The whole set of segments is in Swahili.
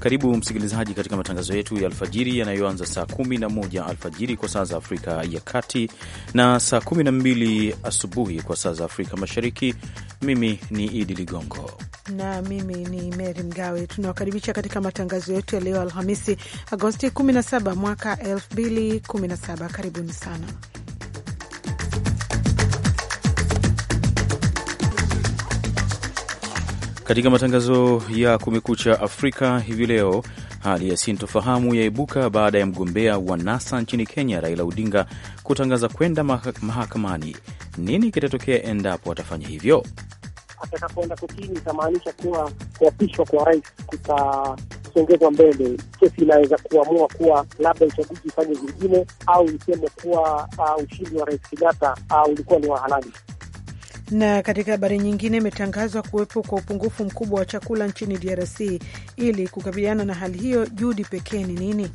Karibu msikilizaji katika matangazo yetu ya alfajiri yanayoanza saa 11 alfajiri kwa saa za Afrika ya Kati na saa 12 asubuhi kwa saa za Afrika Mashariki. Mimi ni Idi Ligongo na mimi ni Meri Mgawe. Tunawakaribisha katika matangazo yetu ya leo Alhamisi, Agosti 17 mwaka 2017. Karibuni sana Katika matangazo ya Kumekucha Afrika hivi leo, hali ya sintofahamu yaibuka baada ya mgombea wa NASA nchini Kenya, Raila Odinga, kutangaza kwenda mahakamani. Nini kitatokea endapo atafanya hivyo? Atakapoenda kotini, itamaanisha kuwa kuapishwa kwa rais kutasongezwa mbele. Kesi inaweza kuamua kuwa labda uchaguzi ufanye zingine au iseme kuwa uh, ushindi wa rais Kenyatta uh, ulikuwa ni wa halali. Na katika habari nyingine, imetangazwa kuwepo kwa upungufu mkubwa wa chakula nchini DRC. Ili kukabiliana na hali hiyo, juhudi pekee ni nini?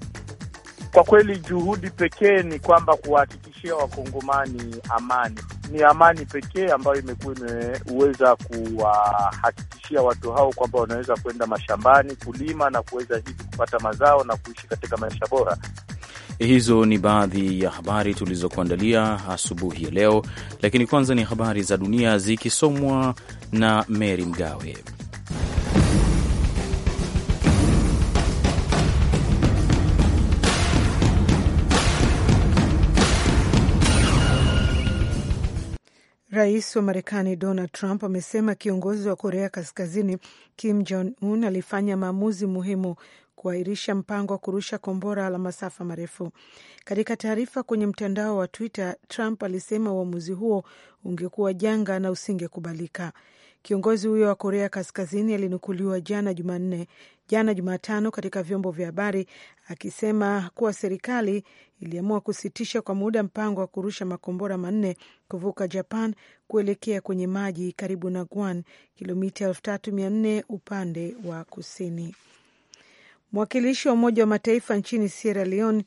Kwa kweli, juhudi pekee ni kwamba kuwahakikishia wakongomani amani. Ni amani pekee ambayo imekuwa imeweza kuwahakikishia watu hao kwamba wanaweza kwenda mashambani kulima na kuweza hivi kupata mazao na kuishi katika maisha bora. Hizo ni baadhi ya habari tulizokuandalia asubuhi ya leo, lakini kwanza ni habari za dunia zikisomwa na Meri Mgawe. Rais wa Marekani Donald Trump amesema kiongozi wa Korea Kaskazini Kim Jong Un alifanya maamuzi muhimu kuahirisha mpango wa kurusha kombora la masafa marefu. Katika taarifa kwenye mtandao wa Twitter, Trump alisema uamuzi huo ungekuwa janga na usingekubalika. Kiongozi huyo wa Korea Kaskazini alinukuliwa jana Jumanne, jana Jumatano, katika vyombo vya habari akisema kuwa serikali iliamua kusitisha kwa muda mpango wa kurusha makombora manne kuvuka Japan kuelekea kwenye maji karibu na Guam, kilomita 3400 upande wa kusini. Mwakilishi wa Umoja wa Mataifa nchini Sierra Leone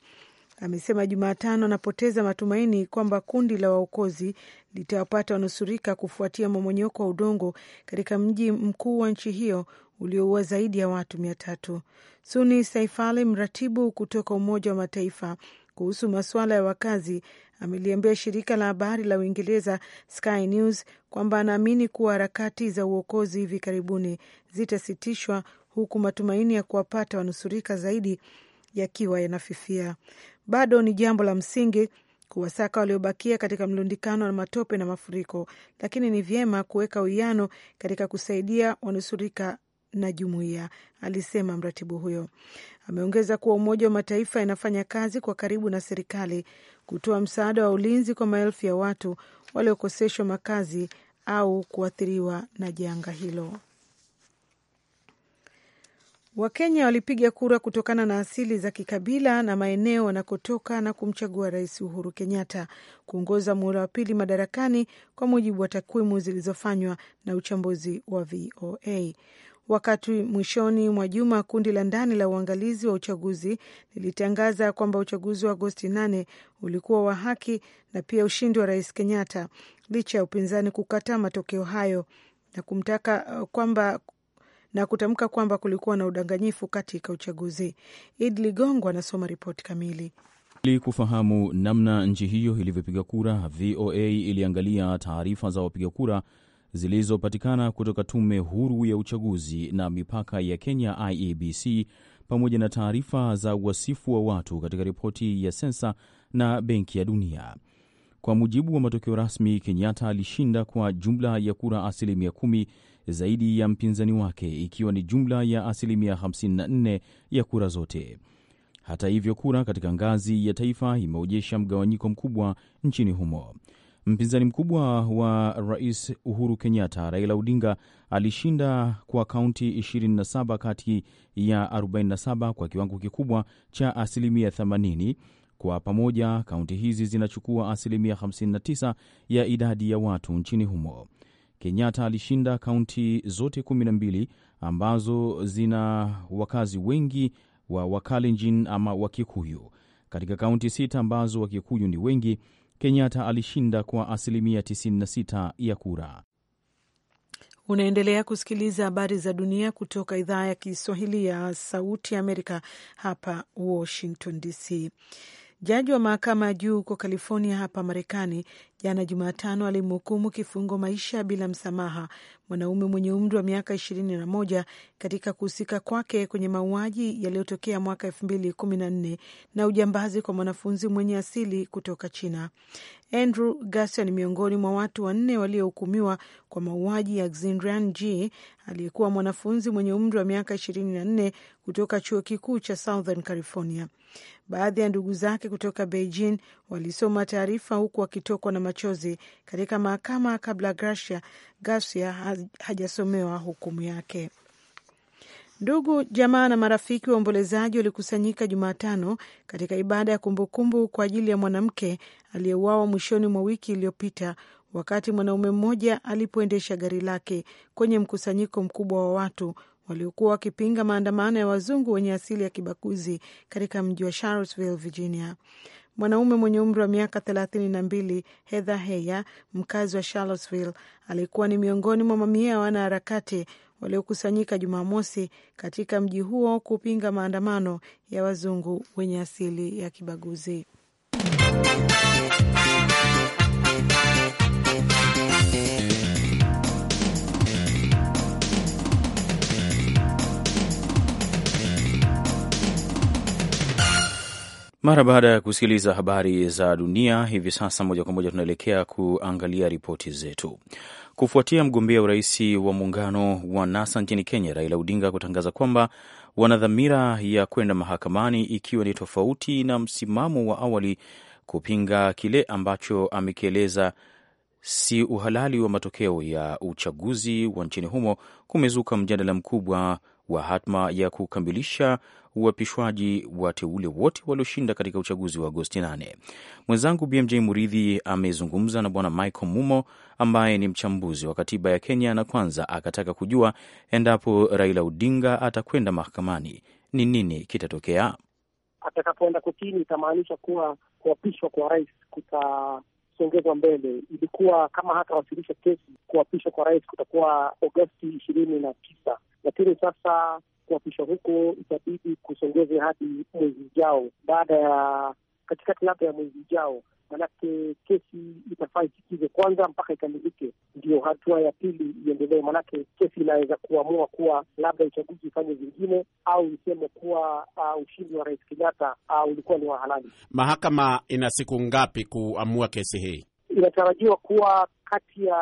amesema Jumatano anapoteza matumaini kwamba kundi la waokozi litawapata wanusurika kufuatia mmomonyoko wa udongo katika mji mkuu wa nchi hiyo ulioua zaidi ya watu mia tatu. Suni Saifale, mratibu kutoka Umoja wa Mataifa kuhusu masuala ya wakazi, ameliambia shirika la habari la Uingereza Sky News kwamba anaamini kuwa harakati za uokozi hivi karibuni zitasitishwa huku matumaini ya kuwapata wanusurika zaidi yakiwa yanafifia. Bado ni jambo la msingi kuwasaka waliobakia katika mlundikano wa matope na mafuriko, lakini ni vyema kuweka uwiano katika kusaidia wanusurika na jumuiya, alisema mratibu huyo. Ameongeza kuwa Umoja wa Mataifa inafanya kazi kwa karibu na serikali kutoa msaada wa ulinzi kwa maelfu ya watu waliokoseshwa makazi au kuathiriwa na janga hilo. Wakenya walipiga kura kutokana na asili za kikabila na maeneo wanakotoka na kumchagua Rais Uhuru Kenyatta kuongoza muhula wa pili madarakani, kwa mujibu wa takwimu zilizofanywa na uchambuzi wa VOA. Wakati mwishoni mwa juma, kundi la ndani la uangalizi wa uchaguzi lilitangaza kwamba uchaguzi wa Agosti 8 ulikuwa wa haki na pia ushindi wa Rais Kenyatta licha ya upinzani kukataa matokeo hayo na kumtaka uh, kwamba na kutamka kwamba kulikuwa na udanganyifu katika uchaguzi. Id Ligongo anasoma ripoti kamili. Ili kufahamu namna nchi hiyo ilivyopiga kura, VOA iliangalia taarifa za wapiga kura zilizopatikana kutoka tume huru ya uchaguzi na mipaka ya Kenya, IEBC, pamoja na taarifa za uwasifu wa watu katika ripoti ya sensa na Benki ya Dunia. Kwa mujibu wa matokeo rasmi, Kenyatta alishinda kwa jumla ya kura asilimia kumi zaidi ya mpinzani wake ikiwa ni jumla ya asilimia 54 ya kura zote. Hata hivyo, kura katika ngazi ya taifa imeonyesha mgawanyiko mkubwa nchini humo. Mpinzani mkubwa wa Rais Uhuru Kenyatta, Raila Odinga, alishinda kwa kaunti 27 kati ya 47 kwa kiwango kikubwa cha asilimia 80. Kwa pamoja kaunti hizi zinachukua asilimia 59 ya idadi ya watu nchini humo. Kenyatta alishinda kaunti zote kumi na mbili ambazo zina wakazi wengi wa Wakalenjin ama Wakikuyu. Katika kaunti sita ambazo Wakikuyu ni wengi, Kenyatta alishinda kwa asilimia 96 ya kura. Unaendelea kusikiliza habari za dunia kutoka idhaa ya Kiswahili ya Sauti ya Amerika, hapa Washington DC. Jaji wa mahakama ya juu huko California hapa Marekani jana Jumatano alimhukumu kifungo maisha bila msamaha mwanaume mwenye umri wa miaka ishirini na moja katika kuhusika kwake kwenye mauaji yaliyotokea mwaka elfu mbili kumi na nne na ujambazi kwa mwanafunzi mwenye asili kutoka China. Andrew Garcia ni miongoni mwa watu wanne waliohukumiwa kwa mauaji ya Xindian G aliyekuwa mwanafunzi mwenye umri wa miaka ishirini na nne kutoka chuo kikuu cha Southern California. Baadhi ya ndugu zake kutoka Beijing walisoma taarifa huku wakitokwa na machozi katika mahakama kabla Garcia, Garcia hajasomewa hukumu yake. Ndugu jamaa na marafiki waombolezaji walikusanyika Jumatano katika ibada ya kumbukumbu kwa ajili ya mwanamke aliyeuawa mwishoni mwa wiki iliyopita wakati mwanaume mmoja alipoendesha gari lake kwenye mkusanyiko mkubwa wa watu waliokuwa wakipinga maandamano ya wazungu wenye asili ya kibaguzi katika mji wa Charlottesville, Virginia. Mwanaume mwenye umri wa miaka thelathini na mbili Heather Heyer, mkazi wa Charlottesville, alikuwa ni miongoni mwa mamia ya wanaharakati waliokusanyika Jumamosi katika mji huo kupinga maandamano ya wazungu wenye asili ya kibaguzi. Mara baada ya kusikiliza habari za dunia hivi sasa, moja kwa moja tunaelekea kuangalia ripoti zetu. Kufuatia mgombea urais wa muungano wa NASA nchini Kenya, Raila Odinga kutangaza kwamba wana dhamira ya kwenda mahakamani, ikiwa ni tofauti na msimamo wa awali kupinga kile ambacho amekieleza si uhalali wa matokeo ya uchaguzi wa nchini humo, kumezuka mjadala mkubwa wa hatma ya kukamilisha uapishwaji wateule wote walioshinda katika uchaguzi wa Agosti 8. Mwenzangu BMJ Muridhi amezungumza na Bwana Michael Mumo ambaye ni mchambuzi wa katiba ya Kenya, na kwanza akataka kujua endapo Raila Odinga atakwenda mahakamani ni nini kitatokea atakapoenda kotini. Itamaanisha kuwa kuapishwa kwa rais kutasongezwa mbele. Ilikuwa kama hatawasilisha kesi, kuapishwa kwa rais kutakuwa Agosti ishirini na tisa, lakini sasa kuapishwa huko itabidi kusongeze hadi mwezi ujao, baada ya katikati labda ya mwezi ujao, manake kesi itafaa isikize kwanza mpaka ikamilike, ndio hatua ya pili iendelee. Manake kesi inaweza kuamua kuwa labda uchaguzi ufanye vingine, au iseme kuwa uh, ushindi wa Rais Kenyatta uh, ulikuwa ni wa halali. Mahakama ina siku ngapi kuamua kesi hii? Inatarajiwa kuwa kati ya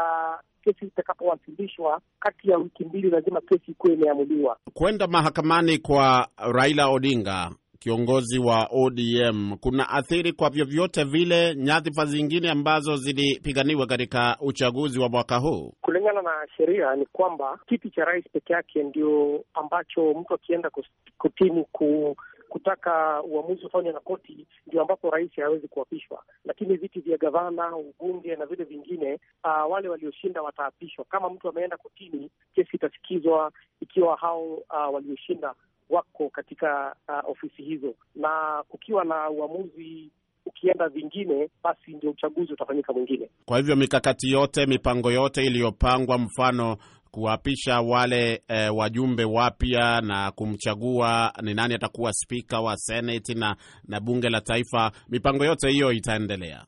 kesi itakapowasilishwa kati ya wiki mbili, lazima kesi ikuwe imeamuliwa kwenda mahakamani. Kwa Raila Odinga, kiongozi wa ODM, kuna athiri kwa vyovyote vile nyadhifa zingine ambazo zilipiganiwa katika uchaguzi wa mwaka huu? Kulingana na sheria ni kwamba kiti cha rais peke yake ndio ambacho mtu akienda kutini ku kutaka uamuzi ufanywe na koti, ndio ambapo rais hawezi kuapishwa. Lakini viti vya gavana, ubunge na vile vingine, uh, wale walioshinda wataapishwa. Kama mtu ameenda kotini, kesi itasikizwa ikiwa hao uh, walioshinda wako katika uh, ofisi hizo, na kukiwa na uamuzi ukienda vingine, basi ndio uchaguzi utafanyika mwingine. Kwa hivyo mikakati yote, mipango yote iliyopangwa, mfano kuwapisha wale e, wajumbe wapya na kumchagua ni nani atakuwa spika wa seneti na, na bunge la taifa. Mipango yote hiyo itaendelea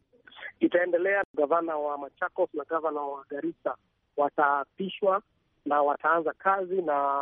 itaendelea. Gavana wa Machakos na gavana wa Garissa wataapishwa na wataanza kazi na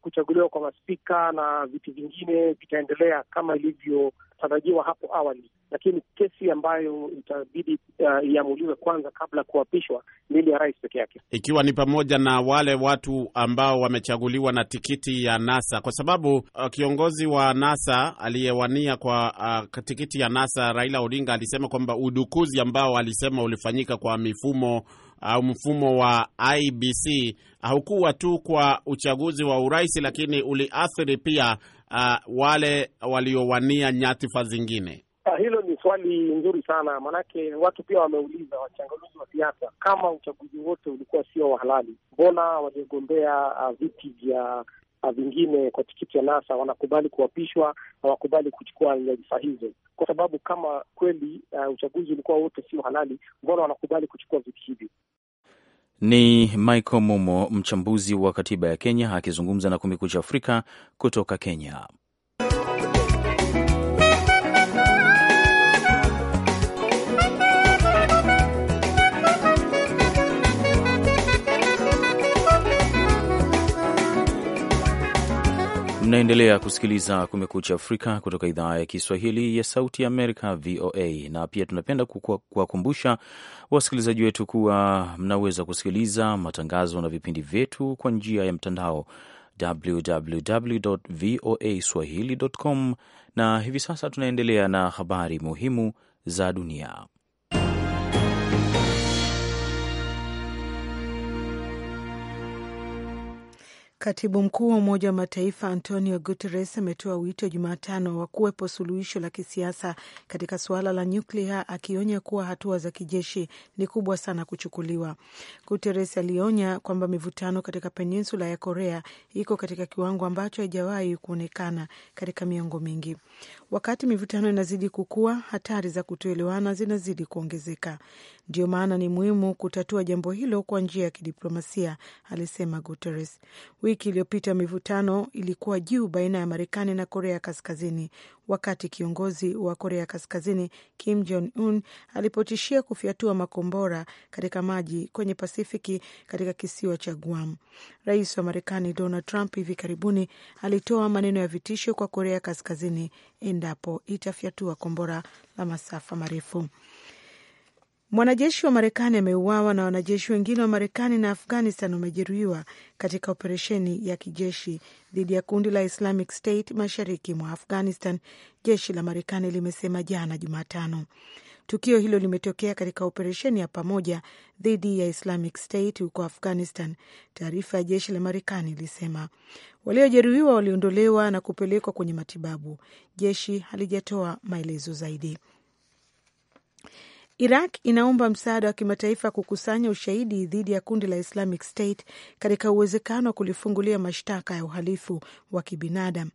kuchaguliwa kwa maspika na viti vingine vitaendelea kama ilivyotarajiwa hapo awali lakini kesi ambayo itabidi uh, iamuliwe kwanza kabla ya kuapishwa ni ile ya rais peke yake, ikiwa ni pamoja na wale watu ambao wamechaguliwa na tikiti ya NASA, kwa sababu uh, kiongozi wa NASA aliyewania kwa uh, tikiti ya NASA Raila Odinga alisema kwamba udukuzi ambao alisema ulifanyika kwa mifumo au mfumo wa IBC haukuwa tu kwa uchaguzi wa urais, lakini uliathiri pia uh, wale waliowania nyadhifa zingine. Ah, hilo ni swali nzuri sana maanake, watu pia wameuliza, wachanganuzi wa siasa, kama uchaguzi wote ulikuwa sio wa halali, mbona waliogombea ah, viti vya ah, vingine kwa tikiti ya NASA wanakubali kuapishwa, hawakubali kuchukua nyadhifa hizo? Kwa sababu kama kweli uh, uchaguzi ulikuwa wote sio halali, mbona wanakubali kuchukua viti hivyo? Ni Michael Mumo, mchambuzi wa katiba ya Kenya, akizungumza na Kumekucha Afrika kutoka Kenya. Mnaendelea kusikiliza Kumekucha Afrika kutoka idhaa ya Kiswahili ya Sauti ya Amerika, VOA. Na pia tunapenda kuwakumbusha wasikilizaji wetu kuwa mnaweza kusikiliza matangazo na vipindi vyetu kwa njia ya mtandao www voa swahili com, na hivi sasa tunaendelea na habari muhimu za dunia. Katibu mkuu wa Umoja wa Mataifa Antonio Guterres ametoa wito Jumatano wa kuwepo suluhisho la kisiasa katika suala la nyuklia, akionya kuwa hatua za kijeshi ni kubwa sana kuchukuliwa. Guterres alionya kwamba mivutano katika peninsula ya Korea iko katika kiwango ambacho haijawahi kuonekana katika miongo mingi. Wakati mivutano inazidi kukua, hatari za kutoelewana zinazidi kuongezeka. Ndio maana ni muhimu kutatua jambo hilo kwa njia ya kidiplomasia, alisema Guterres. Wiki iliyopita mivutano ilikuwa juu baina ya Marekani na Korea Kaskazini wakati kiongozi wa Korea Kaskazini Kim Jong Un alipotishia kufyatua makombora katika maji kwenye Pasifiki katika kisiwa cha Guam. Rais wa Marekani Donald Trump hivi karibuni alitoa maneno ya vitisho kwa Korea Kaskazini endapo itafyatua kombora la masafa marefu. Mwanajeshi wa Marekani ameuawa na wanajeshi wengine wa Marekani na Afghanistan wamejeruhiwa katika operesheni ya kijeshi dhidi ya kundi la Islamic State mashariki mwa Afghanistan, jeshi la Marekani limesema jana Jumatano. Tukio hilo limetokea katika operesheni ya pamoja dhidi ya Islamic State huko Afghanistan, taarifa ya jeshi la Marekani ilisema. Waliojeruhiwa waliondolewa na kupelekwa kwenye matibabu. Jeshi halijatoa maelezo zaidi. Iraq inaomba msaada wa kimataifa kukusanya ushahidi dhidi ya kundi la Islamic State katika uwezekano wa kulifungulia mashtaka ya uhalifu wa kibinadamu.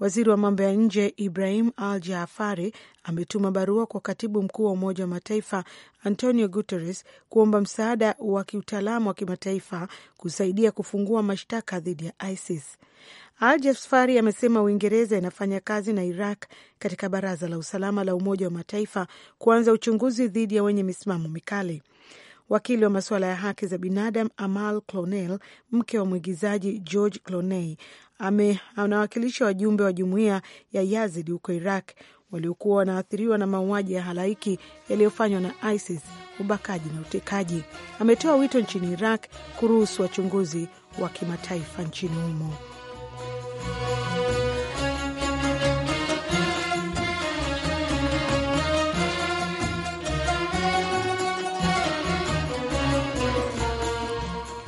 Waziri wa mambo ya nje Ibrahim Al Jaafari ametuma barua kwa katibu mkuu wa Umoja wa Mataifa Antonio Guterres kuomba msaada wa kiutaalamu wa kimataifa kusaidia kufungua mashtaka dhidi ya ISIS. Al-Jafari amesema Uingereza inafanya kazi na Iraq katika Baraza la Usalama la Umoja wa Mataifa kuanza uchunguzi dhidi ya wenye misimamo mikali. Wakili wa masuala ya haki za binadamu Amal Clonel, mke wa mwigizaji George cloney anawakilisha wajumbe wa jumuiya ya yazid huko Iraq waliokuwa wanaathiriwa na mauaji ya halaiki yaliyofanywa na ISIS, ubakaji na utekaji. Ametoa wito nchini Iraq kuruhusu wachunguzi wa kimataifa nchini humo.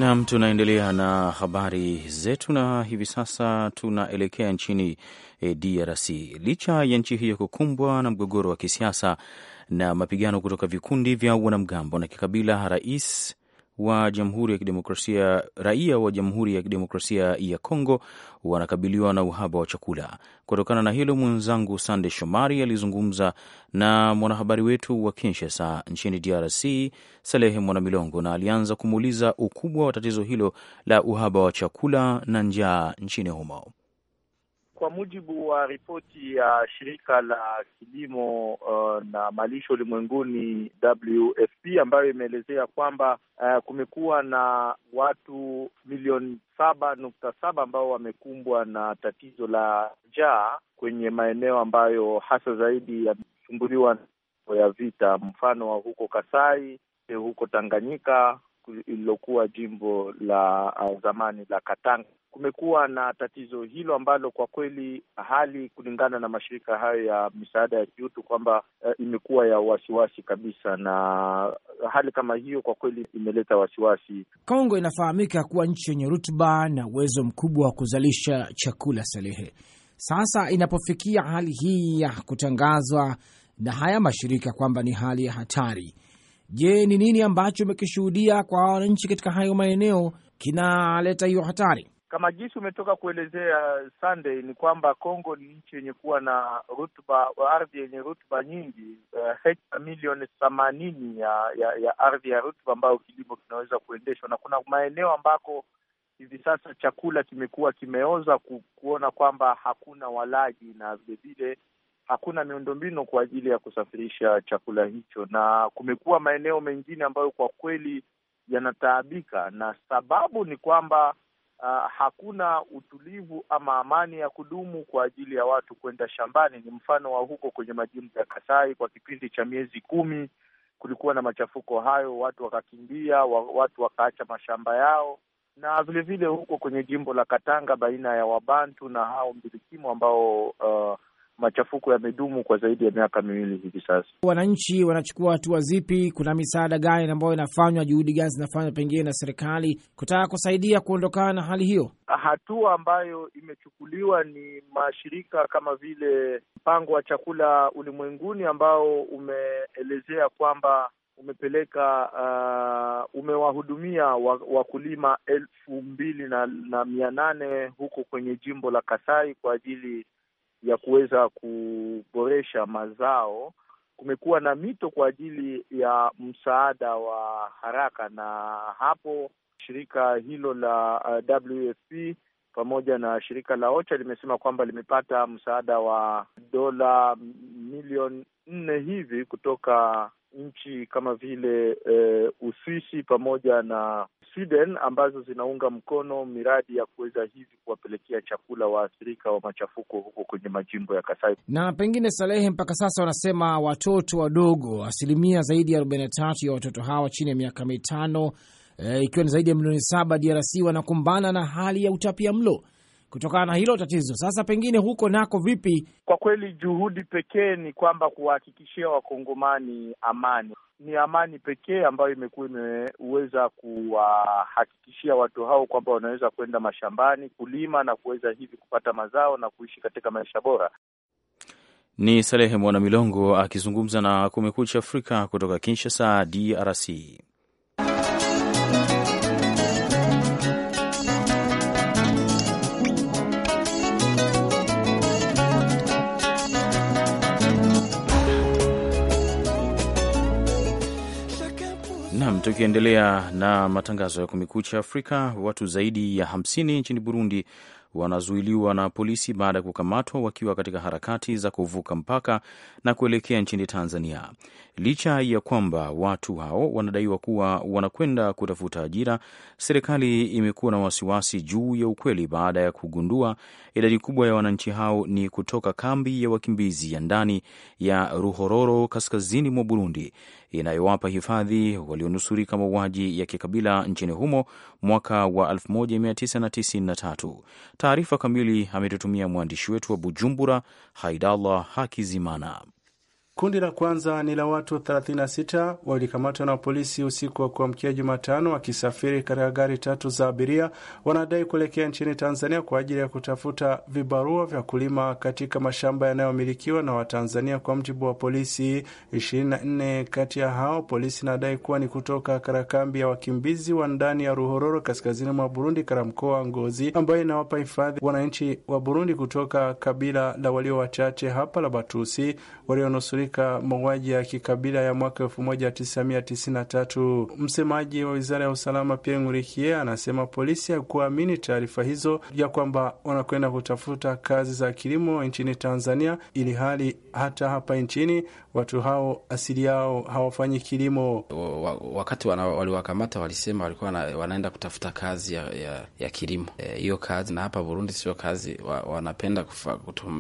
Nam, tunaendelea na habari zetu, na hivi sasa tunaelekea nchini e, DRC. Licha ya nchi hiyo kukumbwa na mgogoro wa kisiasa na mapigano kutoka vikundi vya wanamgambo na kikabila, rais wa Jamhuri ya Kidemokrasia raia wa Jamhuri ya Kidemokrasia ya Kongo wanakabiliwa na uhaba wa chakula. Kutokana na hilo, mwenzangu Sande Shomari alizungumza na mwanahabari wetu wa Kinshasa nchini DRC, Salehe Mwanamilongo, na alianza kumuuliza ukubwa wa tatizo hilo la uhaba wa chakula na njaa nchini humo. Kwa mujibu wa ripoti ya shirika la kilimo uh, na malisho ulimwenguni WFP, ambayo imeelezea kwamba uh, kumekuwa na watu milioni saba nukta saba ambao wamekumbwa na tatizo la njaa kwenye maeneo ambayo hasa zaidi yamesumbuliwa ya vita, mfano wa huko Kasai, huko Tanganyika, lililokuwa jimbo la uh, zamani la Katanga. Kumekuwa na tatizo hilo ambalo kwa kweli hali kulingana na mashirika hayo ya misaada ya kiutu kwamba uh, imekuwa ya wasiwasi kabisa, na hali kama hiyo kwa kweli imeleta wasiwasi. Kongo inafahamika kuwa nchi yenye rutuba na uwezo mkubwa wa kuzalisha chakula salehe. Sasa inapofikia hali hii ya kutangazwa na haya mashirika kwamba ni hali ya hatari Je, ni nini ambacho umekishuhudia kwa wananchi katika hayo maeneo kinaleta hiyo hatari? Kama jinsi umetoka kuelezea Sunday, ni kwamba Kongo ni nchi yenye kuwa na rutuba, ardhi yenye rutuba nyingi, eh, hekta milioni themanini ya, ya, ya ardhi ya rutuba ambayo kilimo kinaweza kuendeshwa, na kuna maeneo ambako hivi sasa chakula kimekuwa kimeoza ku, kuona kwamba hakuna walaji na vilevile hakuna miundombinu kwa ajili ya kusafirisha chakula hicho, na kumekuwa maeneo mengine ambayo kwa kweli yanataabika, na sababu ni kwamba uh, hakuna utulivu ama amani ya kudumu kwa ajili ya watu kwenda shambani. Ni mfano wa huko kwenye majimbo ya Kasai, kwa kipindi cha miezi kumi kulikuwa na machafuko hayo, watu wakakimbia, watu wakaacha mashamba yao, na vilevile vile huko kwenye jimbo la Katanga baina ya Wabantu na hao mbilikimu ambao uh, machafuko yamedumu kwa zaidi ya miaka miwili hivi sasa. Wananchi wanachukua hatua zipi? Kuna misaada gani ambayo inafanywa, juhudi gani zinafanywa pengine na serikali kutaka kusaidia kuondokana na hali hiyo? Hatua ambayo imechukuliwa ni mashirika kama vile mpango wa chakula ulimwenguni ambao umeelezea kwamba umepeleka uh, umewahudumia wakulima elfu mbili na, na mia nane huko kwenye jimbo la Kasai kwa ajili ya kuweza kuboresha mazao. Kumekuwa na mito kwa ajili ya msaada wa haraka, na hapo shirika hilo la uh, WFP pamoja na shirika la OCHA limesema kwamba limepata msaada wa dola milioni nne hivi kutoka nchi kama vile e, Uswisi pamoja na Sweden ambazo zinaunga mkono miradi ya kuweza hivi kuwapelekea chakula waathirika wa machafuko huko kwenye majimbo ya Kasai. Na pengine Salehe, mpaka sasa wanasema watoto wadogo, asilimia zaidi ya arobaini na tatu ya watoto hawa chini ya miaka mitano, e, ikiwa ni zaidi ya milioni saba DRC wanakumbana na hali ya utapia mlo kutokana na hilo tatizo. Sasa pengine huko nako vipi? Kwa kweli juhudi pekee ni kwamba kuwahakikishia wakongomani amani. Ni amani pekee ambayo imekuwa imeweza kuwahakikishia watu hao kwamba wanaweza kwenda mashambani kulima na kuweza hivi kupata mazao na kuishi katika maisha bora. Ni Salehe Mwana Milongo akizungumza na Kumekucha Afrika kutoka Kinshasa, DRC. Tukiendelea na matangazo ya Kumekucha Afrika, watu zaidi ya 50 nchini Burundi wanazuiliwa na polisi baada ya kukamatwa wakiwa katika harakati za kuvuka mpaka na kuelekea nchini Tanzania, licha ya kwamba watu hao wanadaiwa kuwa wanakwenda kutafuta ajira. Serikali imekuwa na wasiwasi juu ya ukweli baada ya kugundua idadi kubwa ya wananchi hao ni kutoka kambi ya wakimbizi ya ndani ya Ruhororo, kaskazini mwa Burundi, inayowapa hifadhi walionusurika mauaji ya kikabila nchini humo mwaka wa 1993. Taarifa kamili ametutumia mwandishi wetu wa Bujumbura, Haidallah Hakizimana. Kundi la kwanza ni la watu 36 walikamatwa na polisi usiku wa kuamkia Jumatano wakisafiri katika gari tatu za abiria, wanadai kuelekea nchini Tanzania kwa ajili ya kutafuta vibarua vya kulima katika mashamba yanayomilikiwa na Watanzania. Kwa mjibu wa polisi, 24 kati ya hao polisi inadai kuwa ni kutoka katika kambi ya wakimbizi wa ndani ya Ruhororo kaskazini mwa Burundi, katika mkoa wa Ngozi, ambayo inawapa hifadhi wananchi wa Burundi kutoka kabila la walio wachache hapa la Batusi walionusuri Afrika mauaji ya kikabila ya mwaka elfu moja tisa mia tatu. Msemaji wa wizara ya usalama pia Ngurikie anasema polisi hakuamini taarifa hizo ya kwamba wanakwenda kutafuta kazi za kilimo nchini Tanzania, ili hali hata hapa nchini watu hao asili yao hawafanyi kilimo. Wakati waliwakamata walisema walikuwa wanaenda kutafuta kazi ya, ya, ya kilimo e, hiyo. E, kazi na hapa Burundi sio kazi wa, wanapenda kufa,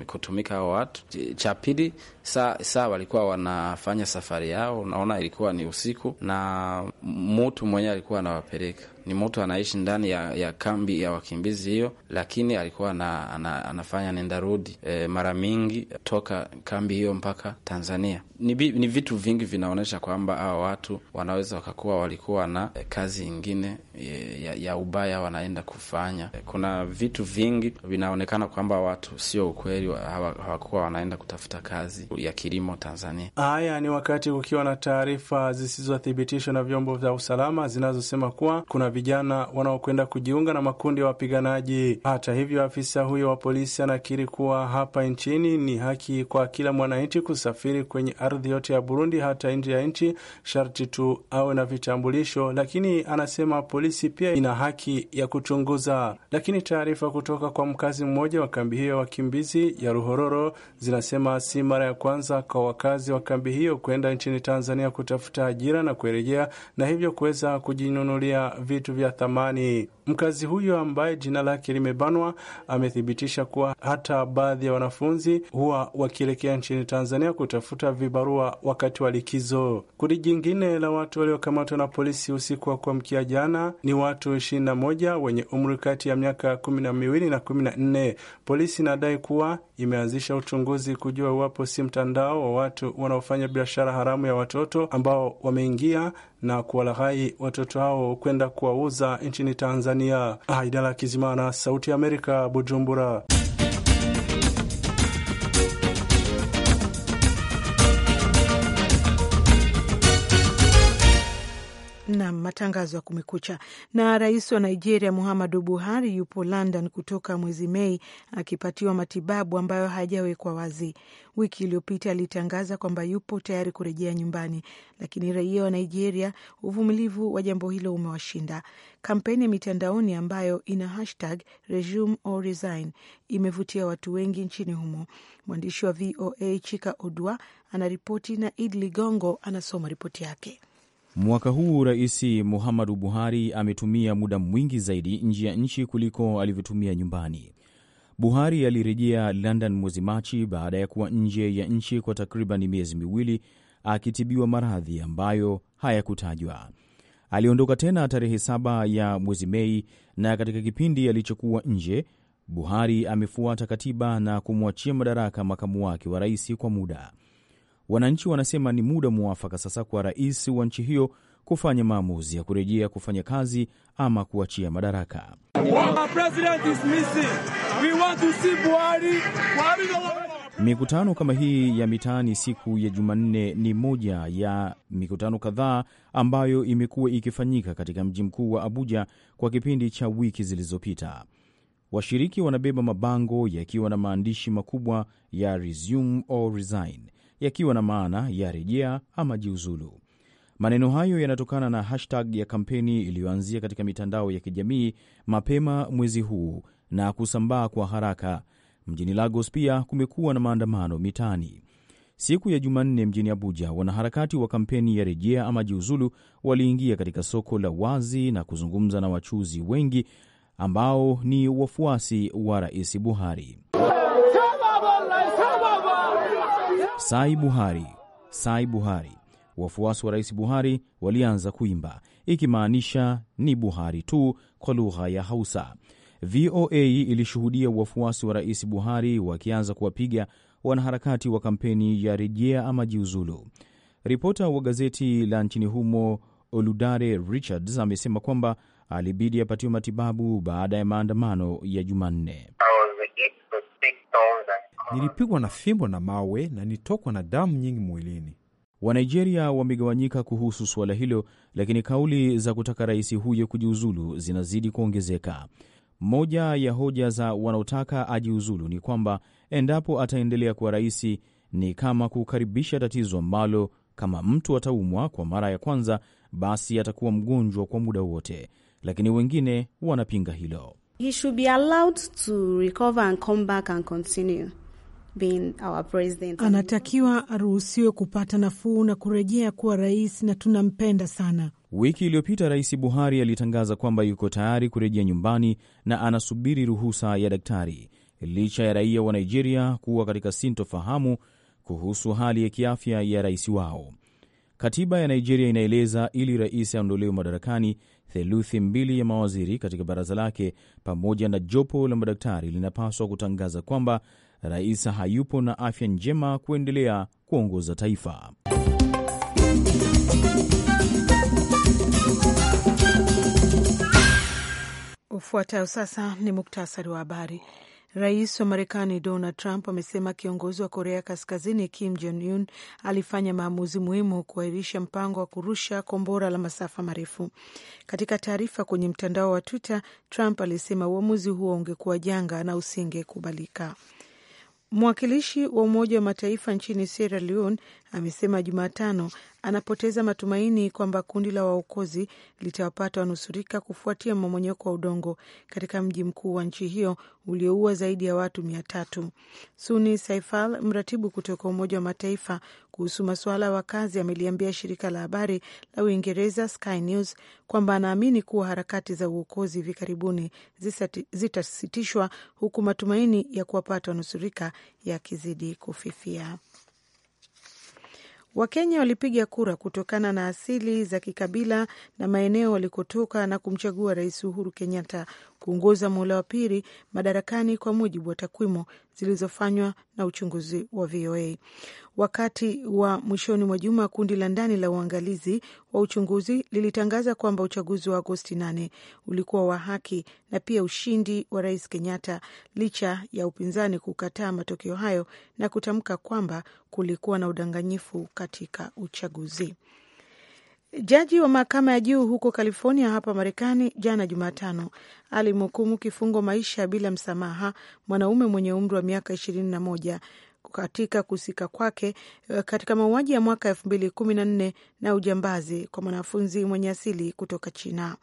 kutumika hao watu. Cha pili saa saa walikuwa wanafanya safari yao, naona ilikuwa ni usiku na mutu mwenyewe alikuwa anawapeleka ni mtu anaishi ndani ya, ya kambi ya wakimbizi hiyo, lakini alikuwa na, ana, anafanya nendarudi e, mara mingi toka kambi hiyo mpaka Tanzania. Ni, ni vitu vingi vinaonyesha kwamba hawa watu wanaweza wakakuwa walikuwa na e, kazi ingine e, ya, ya ubaya wanaenda kufanya. E, kuna vitu vingi vinaonekana kwamba watu sio ukweli, hawakuwa wanaenda kutafuta kazi ya kilimo Tanzania. Haya ni wakati kukiwa na taarifa zisizothibitishwa na vyombo vya usalama zinazosema kuwa kuna vijana wanaokwenda kujiunga na makundi ya wa wapiganaji. Hata hivyo, afisa huyo wa polisi anakiri kuwa hapa nchini ni haki kwa kila mwananchi kusafiri kwenye ardhi yote ya Burundi, hata nje ya nchi, sharti tu awe na vitambulisho. Lakini anasema polisi pia ina haki ya kuchunguza. Lakini taarifa kutoka kwa mkazi mmoja wa kambi hiyo ya wakimbizi ya Ruhororo zinasema si mara ya kwanza kwa wakazi wa kambi hiyo kwenda nchini Tanzania kutafuta ajira na kurejea, na hivyo kuweza kujinunulia vitu vitu vya thamani. Mkazi huyo ambaye jina lake limebanwa amethibitisha kuwa hata baadhi ya wanafunzi huwa wakielekea nchini Tanzania kutafuta vibarua wakati wa likizo. Kundi jingine la watu waliokamatwa na polisi usiku wa kuamkia jana ni watu 21 wenye umri kati ya miaka kumi na miwili na kumi na nne. Polisi inadai kuwa imeanzisha uchunguzi kujua iwapo si mtandao wa watu wanaofanya biashara haramu ya watoto ambao wameingia na kuwalaghai watoto hao kwenda kuwauza nchini Tanzania. Tanzania. Haidala ah, Kizimana, Sauti ya Amerika, Bujumbura. Nam, matangazo ya Kumekucha. Na rais wa Nigeria Muhammadu Buhari yupo London kutoka mwezi Mei akipatiwa matibabu ambayo hajawekwa wazi. Wiki iliyopita alitangaza kwamba yupo tayari kurejea nyumbani, lakini raia wa Nigeria, uvumilivu wa jambo hilo umewashinda. Kampeni ya mitandaoni ambayo ina hashtag resume or resign imevutia watu wengi nchini humo. Mwandishi wa VOA Chika Odwa anaripoti na Id Ligongo anasoma ripoti yake. Mwaka huu Rais Muhammadu Buhari ametumia muda mwingi zaidi nje ya nchi kuliko alivyotumia nyumbani. Buhari alirejea London mwezi Machi baada ya kuwa nje ya nchi kwa takriban miezi miwili akitibiwa maradhi ambayo hayakutajwa. Aliondoka tena tarehe saba ya mwezi Mei, na katika kipindi alichokuwa nje, Buhari amefuata katiba na kumwachia madaraka makamu wake wa rais kwa muda. Wananchi wanasema ni muda mwafaka sasa kwa rais wa nchi hiyo kufanya maamuzi ya kurejea kufanya kazi ama kuachia madaraka. Mikutano kama hii ya mitaani siku ya Jumanne ni moja ya mikutano kadhaa ambayo imekuwa ikifanyika katika mji mkuu wa Abuja kwa kipindi cha wiki zilizopita. Washiriki wanabeba mabango yakiwa na maandishi makubwa ya resume or resign yakiwa na maana ya rejea ama jiuzulu. Maneno hayo yanatokana na hashtag ya kampeni iliyoanzia katika mitandao ya kijamii mapema mwezi huu na kusambaa kwa haraka. Mjini Lagos pia kumekuwa na maandamano mitaani. Siku ya Jumanne mjini Abuja, wanaharakati wa kampeni ya rejea ama jiuzulu waliingia katika soko la wazi na kuzungumza na wachuzi wengi ambao ni wafuasi wa Rais Buhari. Sai Buhari, Sai Buhari. Wafuasi wa Rais Buhari walianza kuimba ikimaanisha ni Buhari tu kwa lugha ya Hausa. VOA ilishuhudia wafuasi wa Rais Buhari wakianza kuwapiga wanaharakati wa kampeni ya rejea ama jiuzulu. Ripota wa gazeti la nchini humo Oludare Richards amesema kwamba alibidi apatiwe matibabu baada ya maandamano ya Jumanne. Nilipigwa na fimbo na mawe na nitokwa na damu nyingi mwilini. Wanigeria wamegawanyika kuhusu suala hilo, lakini kauli za kutaka rais huyo kujiuzulu zinazidi kuongezeka. Moja ya hoja za wanaotaka ajiuzulu ni kwamba endapo ataendelea kuwa rais, ni kama kukaribisha tatizo ambalo kama mtu ataumwa kwa mara ya kwanza, basi atakuwa mgonjwa kwa muda wote, lakini wengine wanapinga hilo. He should be allowed to recover and come back and continue being our president. Anatakiwa aruhusiwe kupata nafuu na kurejea kuwa rais, na tunampenda sana. Wiki iliyopita Rais Buhari alitangaza kwamba yuko tayari kurejea nyumbani na anasubiri ruhusa ya daktari, licha ya raia wa Nigeria kuwa katika sintofahamu kuhusu hali ya kiafya ya rais wao. Katiba ya Nigeria inaeleza ili rais aondolewe madarakani, theluthi mbili ya mawaziri katika baraza lake pamoja na jopo la madaktari linapaswa kutangaza kwamba rais hayupo na afya njema kuendelea kuongoza taifa. Ufuatayo sasa ni muktasari wa habari. Rais wa Marekani Donald Trump amesema kiongozi wa Korea Kaskazini Kim Jong Un alifanya maamuzi muhimu kuahirisha mpango wa kurusha kombora la masafa marefu. Katika taarifa kwenye mtandao wa Twitter, Trump alisema uamuzi huo ungekuwa janga na usingekubalika. Mwakilishi wa Umoja wa Mataifa nchini Sierra Leone amesema Jumatano anapoteza matumaini kwamba kundi la waokozi litawapata wanusurika kufuatia mmomonyoko wa udongo katika mji mkuu wa nchi hiyo ulioua zaidi ya watu mia tatu. Suni Saifal, mratibu kutoka Umoja wa Mataifa kuhusu masuala ya wakazi, ameliambia shirika la habari la Uingereza Sky News kwamba anaamini kuwa harakati za uokozi hivi karibuni zitasitishwa huku matumaini ya kuwapata wanusurika yakizidi kufifia. Wakenya walipiga kura kutokana na asili za kikabila na maeneo walikotoka na kumchagua Rais Uhuru Kenyatta kuongoza muhula wa pili madarakani kwa mujibu wa takwimu zilizofanywa na uchunguzi wa VOA. Wakati wa mwishoni mwa juma, kundi la ndani la uangalizi wa uchunguzi lilitangaza kwamba uchaguzi wa Agosti 8 ulikuwa wa haki na pia ushindi wa Rais Kenyatta, licha ya upinzani kukataa matokeo hayo na kutamka kwamba kulikuwa na udanganyifu katika uchaguzi. Jaji wa mahakama ya juu huko California hapa Marekani jana Jumatano alimhukumu kifungo maisha bila msamaha mwanaume mwenye umri wa miaka ishirini na moja katika kuhusika kwake eh, katika mauaji ya mwaka elfu mbili kumi na nne na ujambazi kwa mwanafunzi mwenye asili kutoka China.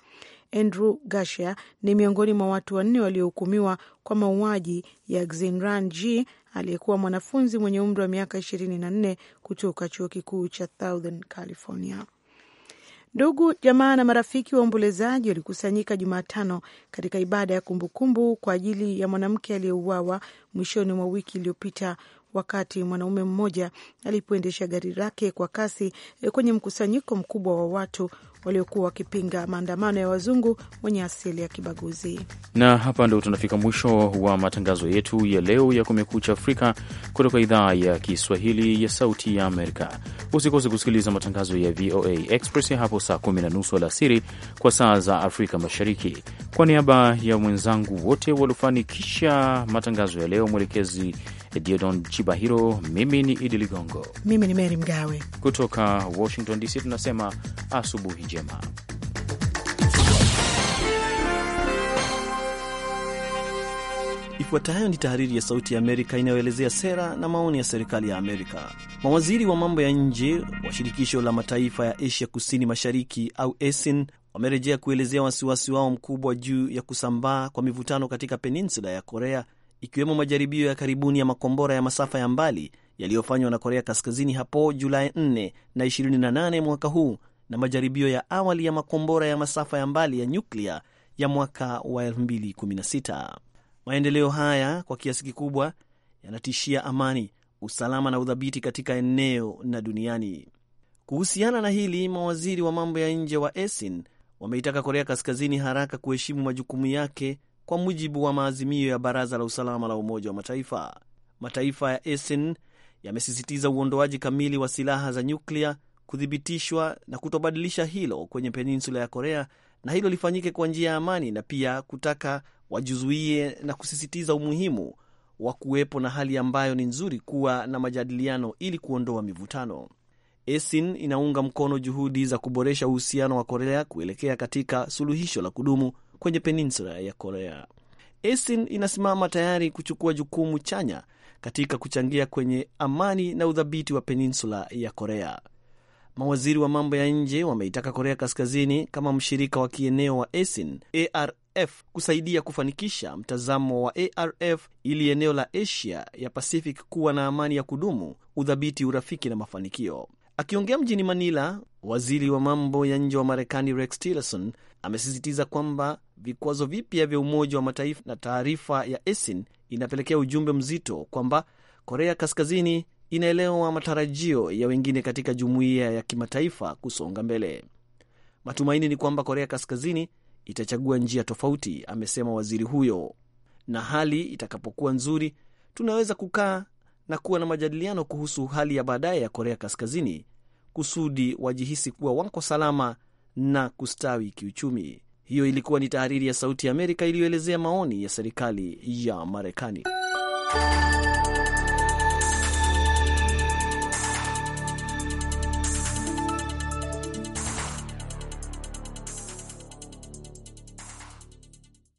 Andrew Garcia ni miongoni mwa watu wanne waliohukumiwa kwa mauaji ya Xinran G aliyekuwa mwanafunzi mwenye umri wa miaka ishirini na nne kutoka chuo kikuu cha Southern California. Ndugu jamaa na marafiki waombolezaji walikusanyika Jumatano katika ibada ya kumbukumbu kwa ajili ya mwanamke aliyeuawa mwishoni mwa wiki iliyopita wakati mwanaume mmoja alipoendesha gari lake kwa kasi eh, kwenye mkusanyiko mkubwa wa watu waliokuwa wakipinga maandamano ya wazungu wenye asili ya kibaguzi. Na hapa ndo tunafika mwisho wa matangazo yetu ya leo ya Kumekucha Afrika kutoka idhaa ya Kiswahili ya Sauti ya Amerika. Usikose kusikiliza matangazo ya VOA Express hapo saa kumi na nusu alasiri kwa saa za Afrika Mashariki. Kwa niaba ya mwenzangu wote waliofanikisha matangazo ya leo, mwelekezi Diodon Chibahiro. Mimi ni Idi Ligongo, mimi ni Meri Mgawe kutoka Washington DC. Tunasema asubuhi njema. Ifuatayo ni tahariri ya Sauti ya Amerika inayoelezea sera na maoni ya serikali ya Amerika. Mawaziri wa mambo ya nje wa Shirikisho la Mataifa ya Asia Kusini Mashariki au ASEAN wamerejea kuelezea wasiwasi wao mkubwa juu ya kusambaa kwa mivutano katika peninsula ya Korea ikiwemo majaribio ya karibuni ya makombora ya masafa ya mbali yaliyofanywa na Korea Kaskazini hapo Julai 4 na 28 mwaka huu na majaribio ya awali ya makombora ya masafa ya mbali ya nyuklia ya mwaka wa 2016. Maendeleo haya kwa kiasi kikubwa yanatishia amani, usalama na udhabiti katika eneo na duniani. Kuhusiana na hili, mawaziri wa mambo ya nje wa ASEAN wameitaka Korea Kaskazini haraka kuheshimu majukumu yake kwa mujibu wa maazimio ya Baraza la Usalama la Umoja wa Mataifa. Mataifa ya ASEAN yamesisitiza uondoaji kamili wa silaha za nyuklia kuthibitishwa na kutobadilisha hilo kwenye peninsula ya Korea, na hilo lifanyike kwa njia ya amani, na pia kutaka wajizuie na kusisitiza umuhimu wa kuwepo na hali ambayo ni nzuri kuwa na majadiliano ili kuondoa mivutano. ASEAN inaunga mkono juhudi za kuboresha uhusiano wa Korea kuelekea katika suluhisho la kudumu kwenye peninsula ya Korea. ASIN inasimama tayari kuchukua jukumu chanya katika kuchangia kwenye amani na udhabiti wa peninsula ya Korea. Mawaziri wa mambo ya nje wameitaka Korea Kaskazini kama mshirika wa kieneo wa ASIN ARF kusaidia kufanikisha mtazamo wa ARF ili eneo la Asia ya Pacific kuwa na amani ya kudumu, udhabiti, urafiki na mafanikio. Akiongea mjini Manila, waziri wa mambo ya nje wa Marekani Rex Tillerson Amesisitiza kwamba vikwazo vipya vya Umoja wa Mataifa na taarifa ya Esin inapelekea ujumbe mzito kwamba Korea Kaskazini inaelewa matarajio ya wengine katika jumuiya ya kimataifa kusonga mbele. Matumaini ni kwamba Korea Kaskazini itachagua njia tofauti, amesema waziri huyo, na hali itakapokuwa nzuri, tunaweza kukaa na kuwa na majadiliano kuhusu hali ya baadaye ya Korea Kaskazini kusudi wajihisi kuwa wako salama na kustawi kiuchumi. Hiyo ilikuwa ni tahariri ya Sauti ya Amerika iliyoelezea maoni ya serikali ya Marekani.